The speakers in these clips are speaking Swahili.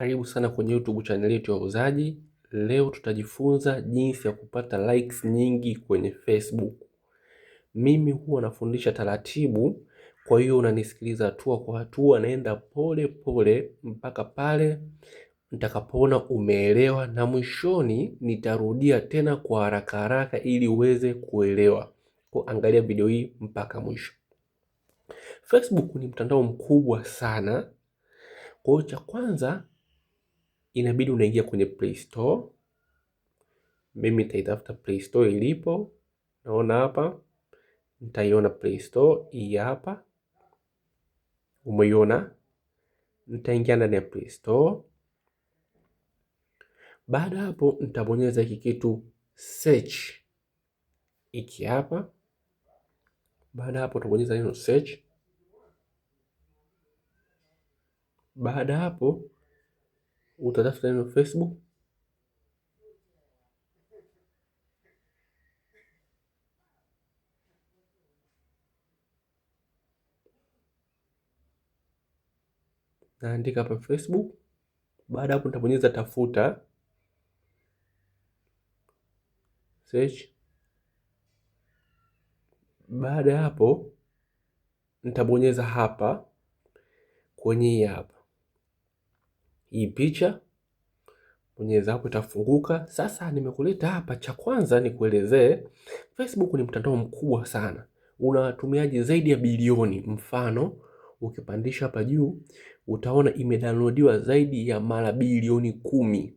Karibu sana kwenye YouTube channel yetu ya Wauzaji. Leo tutajifunza jinsi ya kupata likes nyingi kwenye Facebook. Mimi huwa nafundisha taratibu, kwa hiyo unanisikiliza hatua kwa hatua, naenda pole pole mpaka pale nitakapoona umeelewa, na mwishoni nitarudia tena kwa haraka haraka ili uweze kuelewa. Kwa angalia video hii mpaka mwisho. Facebook ni mtandao mkubwa sana, kwa hiyo cha kwanza inabidi unaingia kwenye Play Store. Mimi nitaitafuta Play Store ilipo, naona hapa, nitaiona Play Store hii hapa, umeiona. Nitaingia ndani ya Play Store. Baada hapo, nitabonyeza hiki kitu search iki hapa. Baada hapo, utabonyeza neno search. Baada hapo utatafuta neno Facebook naandika hapa Facebook. Baada hapo nitabonyeza tafuta search. Baada ya hapo nitabonyeza hapa kwenye hii hapa hii picha, bonyeza hapo itafunguka. Sasa nimekuleta hapa, cha kwanza nikuelezee, Facebook ni mtandao mkubwa sana, una watumiaji zaidi ya bilioni. Mfano ukipandisha hapa juu utaona imedownloadiwa zaidi ya mara bilioni kumi.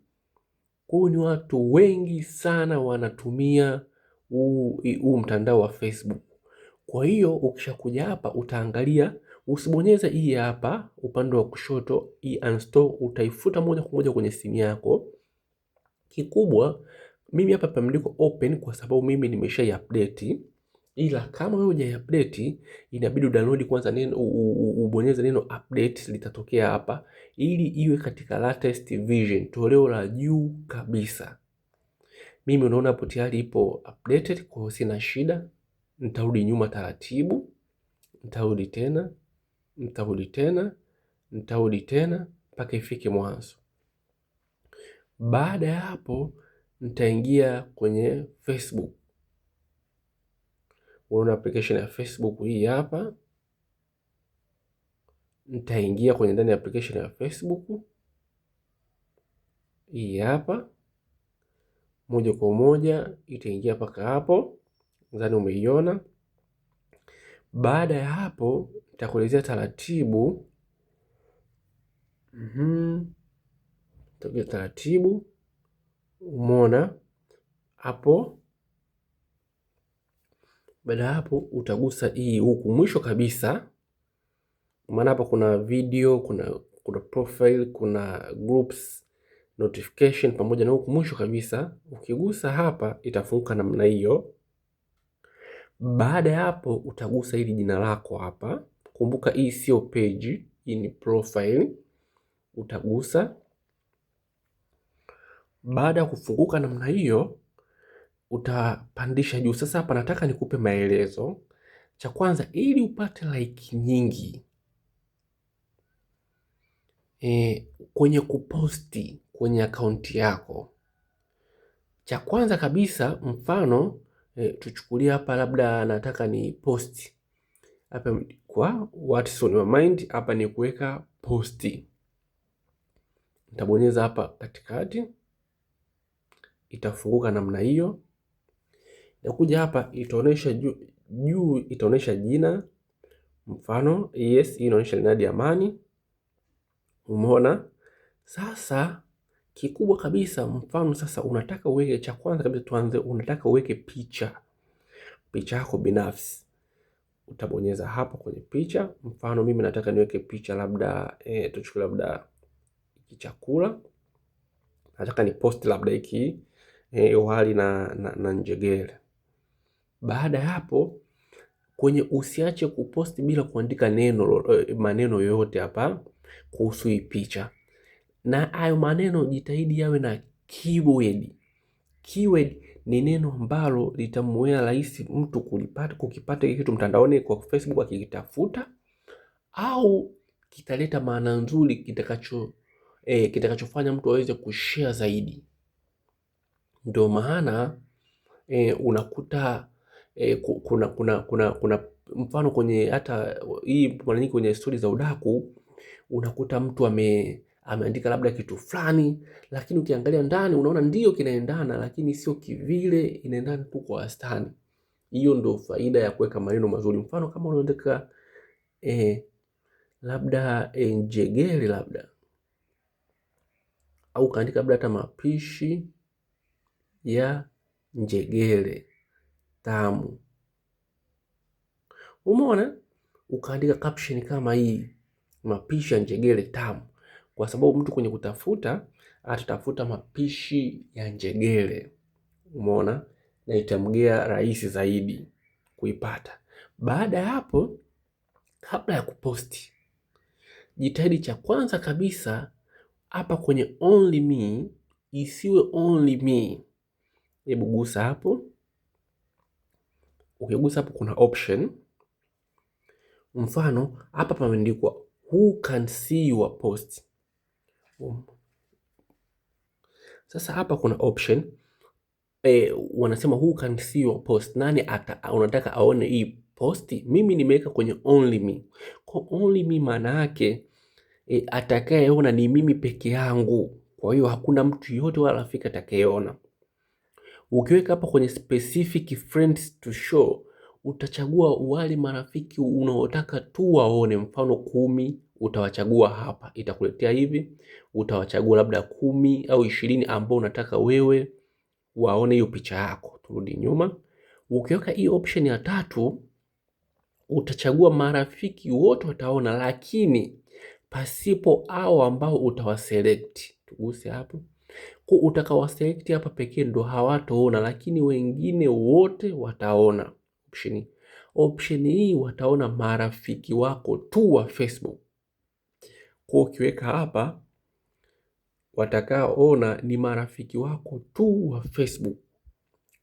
Huu ni watu wengi sana wanatumia huu mtandao wa Facebook. Kwa hiyo ukishakuja hapa utaangalia Usibonyeze hii e hapa upande wa kushoto hii e uninstall, utaifuta moja kwa moja kwenye simu yako. Kikubwa mimi hapa pameandikwa open kwa sababu mimi nimesha update, ila kama wewe hujai update inabidi udownload kwanza neno, ubonyeze neno update litatokea hapa, ili iwe katika latest version, toleo la juu kabisa. Mimi unaona hapo tayari ipo updated, kwa hiyo sina shida. Nitarudi nyuma taratibu, nitarudi tena nitarudi tena, nitarudi tena mpaka ifike mwanzo. Baada ya hapo, nitaingia kwenye Facebook. Unaona application ya Facebook hii hapa. Nitaingia kwenye ndani ya application ya Facebook hii hapa, moja kwa moja itaingia mpaka hapo, nadhani umeiona. Baada ya hapo nitakuelezea taratibu mm -hmm. taratibu umona hapo. Baada ya hapo, utagusa hii huku mwisho kabisa, maana hapa kuna video, kuna kuna profile, kuna groups notification pamoja na huku mwisho kabisa. Ukigusa hapa itafunguka namna hiyo. Baada ya hapo, utagusa hili jina lako hapa. Kumbuka hii sio page, hii ni profile. Utagusa. Baada ya kufunguka namna hiyo, utapandisha juu. Sasa hapa nataka nikupe maelezo. Cha kwanza, ili upate like nyingi e, kwenye kuposti kwenye akaunti yako, cha kwanza kabisa, mfano e, eh, tuchukulia hapa, labda nataka ni posti hapa kwa what is on your mind. Hapa ni kuweka posti, nitabonyeza hapa katikati, itafunguka namna hiyo. Nakuja hapa itaonesha juu juu, itaonesha jina, mfano yes, hii inaonesha Linadi Amani. Umeona sasa kikubwa kabisa. Mfano sasa, unataka uweke cha kwanza kabisa, tuanze, unataka uweke picha, picha yako binafsi utabonyeza hapo kwenye picha. Mfano mimi nataka niweke picha labda e, tuchukue labda chakula, nataka ni post labda hiki e, wali na, na, na njegere. Baada ya hapo kwenye usiache kupost bila kuandika neno eh, maneno yoyote hapa kuhusu hii picha, na hayo maneno jitahidi yawe na keyword keyword ni neno ambalo litamuwea rahisi mtu kulipata, kukipata hiki kitu mtandaoni kwa Facebook akikitafuta, au kitaleta maana nzuri kitakacho eh, kitakachofanya mtu aweze kushare zaidi. Ndio maana eh, unakuta eh, kuna, kuna, kuna, kuna mfano kwenye hata hii mara nyingi kwenye stori za udaku unakuta mtu ame ameandika labda kitu fulani, lakini ukiangalia ndani unaona ndio kinaendana, lakini sio kivile, inaendana tu kwa wastani. Hiyo ndio faida ya kuweka maneno mazuri. Mfano kama unaandika eh, labda eh, njegeri labda au kaandika labda hata mapishi ya njegere tamu, umeona, ukaandika caption kama hii, mapishi ya njegere tamu kwa sababu mtu kwenye kutafuta atatafuta mapishi ya njegere, umeona, na itamgea rahisi zaidi kuipata. Baada ya hapo, kabla ya kuposti, jitahidi cha kwanza kabisa hapa kwenye only me isiwe only me. Hebu gusa hapo. Ukigusa hapo, kuna option mfano hapa pameandikwa who can see your post form. Sasa hapa kuna option e, wanasema who can see your post, nani ata, unataka aone hii posti. Mimi nimeweka kwenye only me. Kwa only me maana yake e, atakayeona ni mimi peke yangu, kwa hiyo hakuna mtu yote wala rafiki atakayeona. Ukiweka hapa kwenye specific friends to show utachagua wale marafiki unaotaka tu waone, mfano kumi utawachagua hapa, itakuletea hivi, utawachagua labda kumi au ishirini ambao unataka wewe waone hiyo picha yako. Turudi nyuma, ukiweka hii option ya tatu utachagua marafiki wote wataona, lakini pasipo hao ambao utawaselect. Tuguse hapo kwa utakawaselect hapa pekee ndo hawataona, lakini wengine wote wataona. Option option hii wataona marafiki wako tu wa Facebook. Kwa ukiweka hapa, watakaoona ni marafiki wako tu wa Facebook,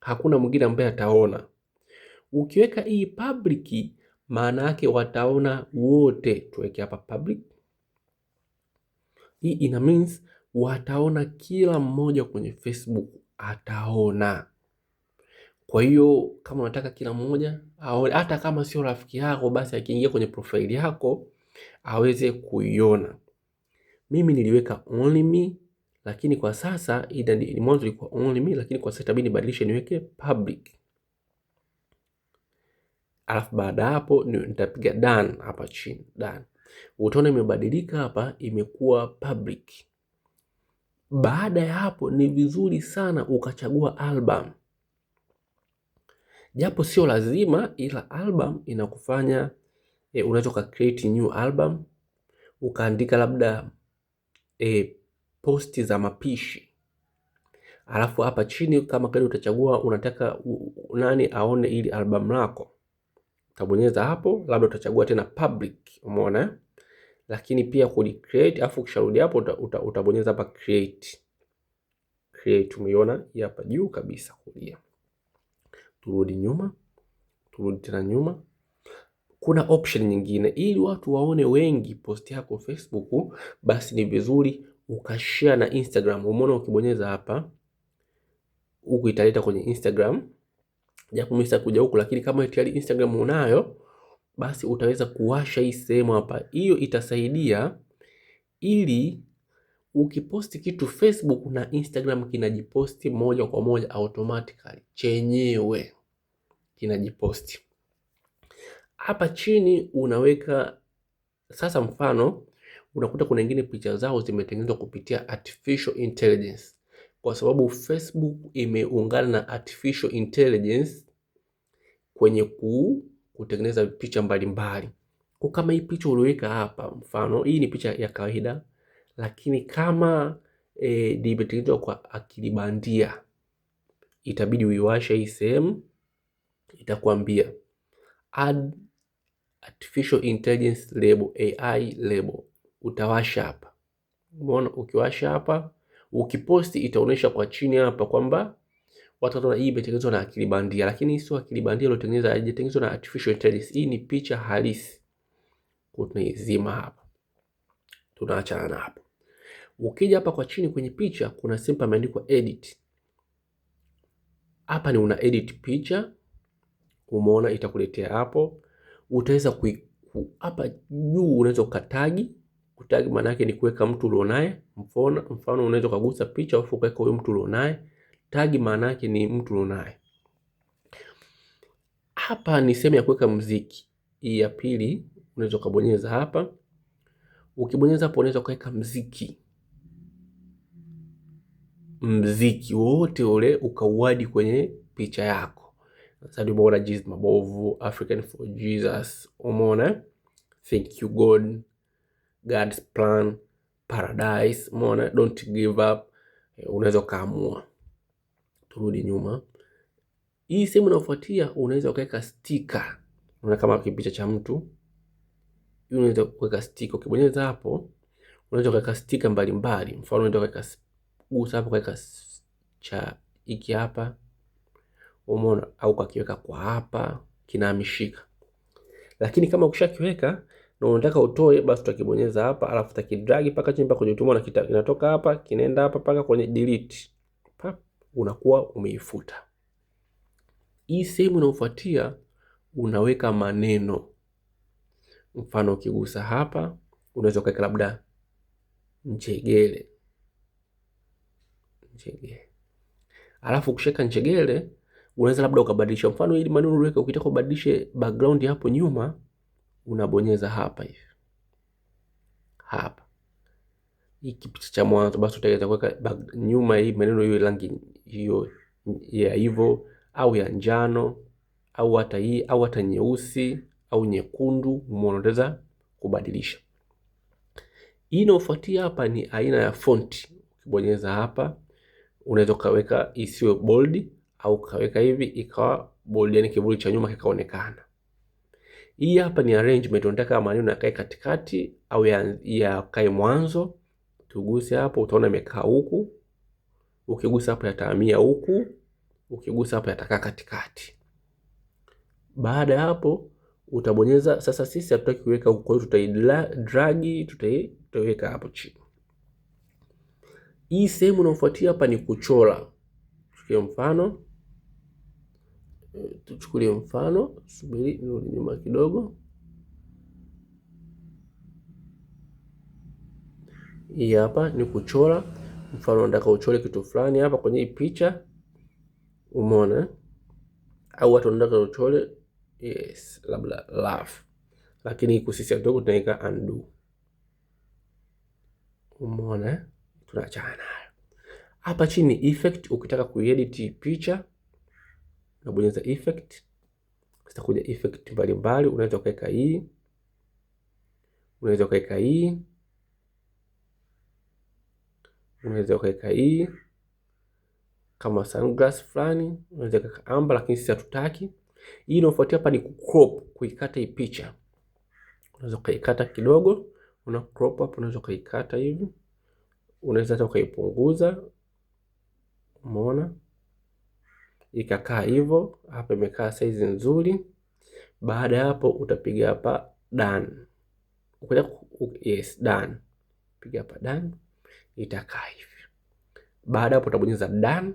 hakuna mwingine ambaye ataona. Ukiweka hii public, maana yake wataona wote. Tuweke hapa public, hii ina means wataona kila mmoja kwenye Facebook ataona. Kwa hiyo kama unataka kila mmoja aone, hata kama sio rafiki yako, basi akiingia kwenye profile yako aweze kuiona. Mimi niliweka only me, lakini kwa sasa mwanzo ilikuwa only me, lakini kwa sasa itabidi nibadilishe niweke public. Alafu baada hapo nitapiga done hapa chini done. Utaona imebadilika hapa, imekuwa public. Baada ya hapo, ni vizuri sana ukachagua album, japo sio lazima, ila album inakufanya e, unaweza create new album ukaandika labda e, posti za mapishi, alafu hapa chini kama kawaida utachagua unataka u, nani aone ili album lako, utabonyeza hapo, labda utachagua tena public, umeona. Lakini pia create alafu ukisharudi hapo uta, utabonyeza hapa create create, umeona hapa juu kabisa kulia. Turudi nyuma, turudi tena nyuma kuna option nyingine, ili watu waone wengi post yako Facebook, basi ni vizuri ukashare na Instagram. Umeona, ukibonyeza hapa huku italeta kwenye Instagram, japo mimi sitakuja huku, lakini kama tayari Instagram unayo, basi utaweza kuwasha hii sehemu hapa. Hiyo itasaidia ili ukiposti kitu Facebook na Instagram kinajiposti moja kwa moja automatically, chenyewe kinajiposti. Hapa chini unaweka sasa mfano, unakuta kuna wengine picha zao zimetengenezwa kupitia artificial intelligence, kwa sababu Facebook imeungana na artificial intelligence kwenye ku, kutengeneza picha mbalimbali. Kwa kama hii picha ulioweka hapa, mfano hii ni picha ya kawaida, lakini kama e, limetengenezwa kwa akili bandia, itabidi uiwashe hii sehemu, itakwambia add artificial intelligence label, AI label utawasha hapa. Umeona, ukiwasha hapa, ukiposti itaonyesha kwa chini hapa kwamba watu wataona hii imetengenezwa na akili bandia, lakini sio akili bandia iliyotengenezwa, haijatengenezwa na artificial intelligence. Hii ni picha halisi. Tunaizima hapa, tunaachana na hapo. Ukija hapa kwa chini kwenye picha, kuna simple imeandikwa edit. Hapa ni una edit picha, umeona, itakuletea hapo utaweza hapa juu unaweza ukatagi. Kutagi maana yake ni kuweka mtu ulionaye, mfano mfano unaweza ukagusa picha alafu ukaweka huyo mtu ulionaye. Tagi maana yake ni mtu ulionaye. Hapa ni sehemu ya kuweka mziki, hii ya pili unaweza ukabonyeza hapa. Ukibonyeza hapo unaweza ukaweka mziki mziki wote ule ukauadi kwenye picha yako. Sadi umeona Jesus mabovu, African for Jesus, umeona thank you God, God's plan, paradise, umeona don't give up. Eh, unaweza ukaamua. Turudi nyuma, hii sehemu inayofuatia unaweza ukaweka stika, una kama kipicha cha mtu, unaweza kuweka stika. Ukibonyeza hapo, unaweza ukaweka stika mbalimbali. Mfano unaweza ukaweka gusa hapo, ukaweka cha iki hapa umeona, au kakiweka kwa hapa kinahamishika. Lakini kama ukishakiweka na unataka utoe, basi utakibonyeza hapa, alafu utakidragi paka chini mpaka kwenye, umeona kinatoka hapa kinaenda hapa paka kwenye delete, pap, unakuwa umeifuta. Hii sehemu inayofuatia unaweka maneno. Mfano, ukigusa hapa unaweza ukaweka labda njegele njegele, alafu ukishaweka njegele unaweza labda ukabadilisha. Mfano ili maneno uweke, ukitaka kubadilisha background hapo nyuma, unabonyeza hapa hivi hapa hiki picha cha mwanzo, basi utaweza kuweka nyuma hii maneno hiyo rangi hiyo ya hivyo au ya njano au hata hii au hata nyeusi au nyekundu, umeonaweza kubadilisha. Hii inayofuatia hapa ni aina ya fonti. Ukibonyeza hapa, unaweza ukaweka isiwe bold au kaweka hivi ikawa bold, yani kivuli cha nyuma kikaonekana. Hii hapa ni arrangement, unataka maneno yakae katikati au yakae mwanzo. Tuguse hapo, utaona imekaa huku. Ukigusa hapo yatahamia huku, ukigusa hapo yatakaa katikati. Baada ya hapo utabonyeza. Sasa sisi hatutaki kuweka huko, kwa drag, tutaidragi, tutaiweka hapo chini. Hii sehemu inayofuatia hapa ni kuchora. Tukie mfano tuchukulie mfano, subiri nirudi nyuma kidogo. Hii hapa ni kuchora mfano, nataka uchore kitu fulani hapa kwenye hii picha, umeona eh? au watu wanataka uchore yes, labda love, lakini kusisia kidogo tunaweka undo, umeona eh? tunachana hapa chini effect, ukitaka kuedit picha unabonyeza effect, zitakuja effect mbalimbali. Unaweza ukaweka hii, unaweza ukaweka hii, unaweza ukaweka hii kama sunglass fulani, unaweza kaka amba, lakini sisi hatutaki hii. Inaofuatia hapa ni crop, kuikata hii picha. Unaweza ukaikata kidogo, una crop hapo, unaweza ukaikata hivi, unaweza hata ukaipunguza. Umeona? ikakaa hivyo. Hapa imekaa size nzuri. Baada ya hapo utapiga hapa done. Yes, done. Piga hapa done, itakaa hivi. Baada hapo utabonyeza done,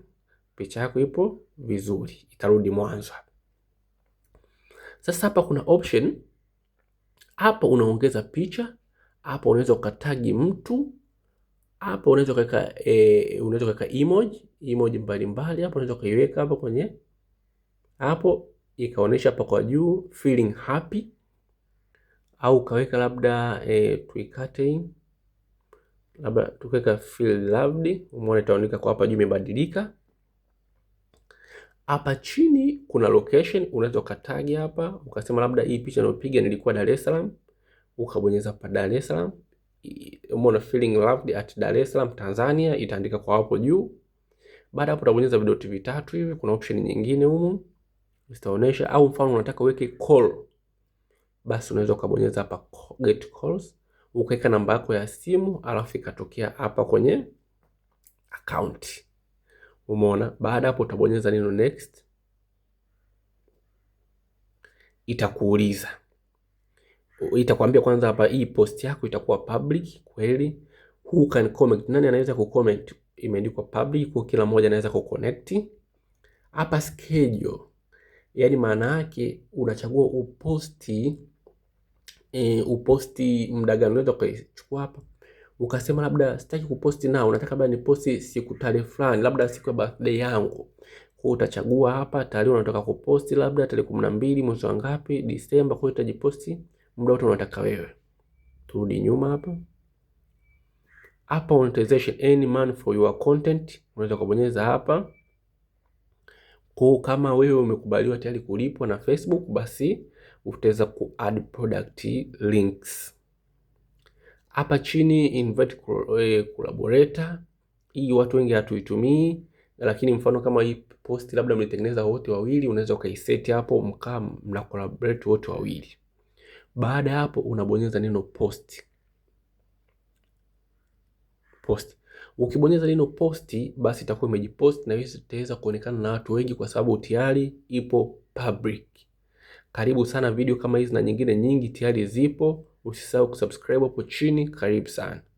picha yako ipo vizuri, itarudi mwanzo. Sasa hapa kuna option, hapo unaongeza picha, hapo unaweza ukatagi mtu hapo unaweza kuweka e, unaweza kuweka emoji emoji mbalimbali hapo, unaweza kuiweka hapo kwenye hapo ikaonyesha hapa kwa juu feeling happy, au kaweka labda e, tuikate labda tukaweka feel loved. Umeona itaonekana kwa hapa juu imebadilika. Hapa chini kuna location, unaweza ukatagi hapa ukasema labda hii picha niliyopiga nilikuwa Dar es Salaam, ukabonyeza hapa Dar es Salaam umeona feeling loved at Dar es Salaam Tanzania, itaandika kwa hapo juu. Baada hapo utabonyeza vidoti vitatu hivi, kuna option nyingine humo zitaonesha, au mfano unataka uweke call, basi unaweza ukabonyeza hapa get calls, ukaweka namba yako ya simu, alafu ikatokea hapa kwenye account. Umeona, baada hapo utabonyeza neno next, itakuuliza itakwambia kwanza hapa, hii post yako itakuwa public kweli, who can comment, nani anaweza ku comment? imeandikwa public kwa kila mmoja anaweza ku connect. Hapa schedule, yani maana yake unachagua uposti e, uposti muda gani, unaweza kuchukua hapa ukasema labda sitaki kuposti nao, nataka labda niposti siku tarehe fulani, labda siku ya birthday yangu. Kwa utachagua hapa tarehe unataka kuposti, labda tarehe kumi na mbili mwezi wa ngapi, Disemba. Kwa hiyo utajiposti muda wote unataka wewe. Turudi nyuma hapa hapa, monetization any man for your content, unaweza kubonyeza hapa. Kwa kama wewe umekubaliwa tayari kulipwa na Facebook, basi utaweza ku add product links hapa chini, invite eh, collaborator. Hii watu wengi hatuitumii, lakini mfano kama hii post labda mlitengeneza wote wawili, unaweza ukaiseti hapo, mkaa mna collaborate wote wawili. Baada ya hapo unabonyeza neno post. Post. Ukibonyeza neno post basi itakuwa imejipost na hiyo itaweza kuonekana na watu wengi kwa sababu tayari ipo public. Karibu sana, video kama hizi na nyingine nyingi tayari zipo. Usisahau kusubscribe hapo chini. Karibu sana.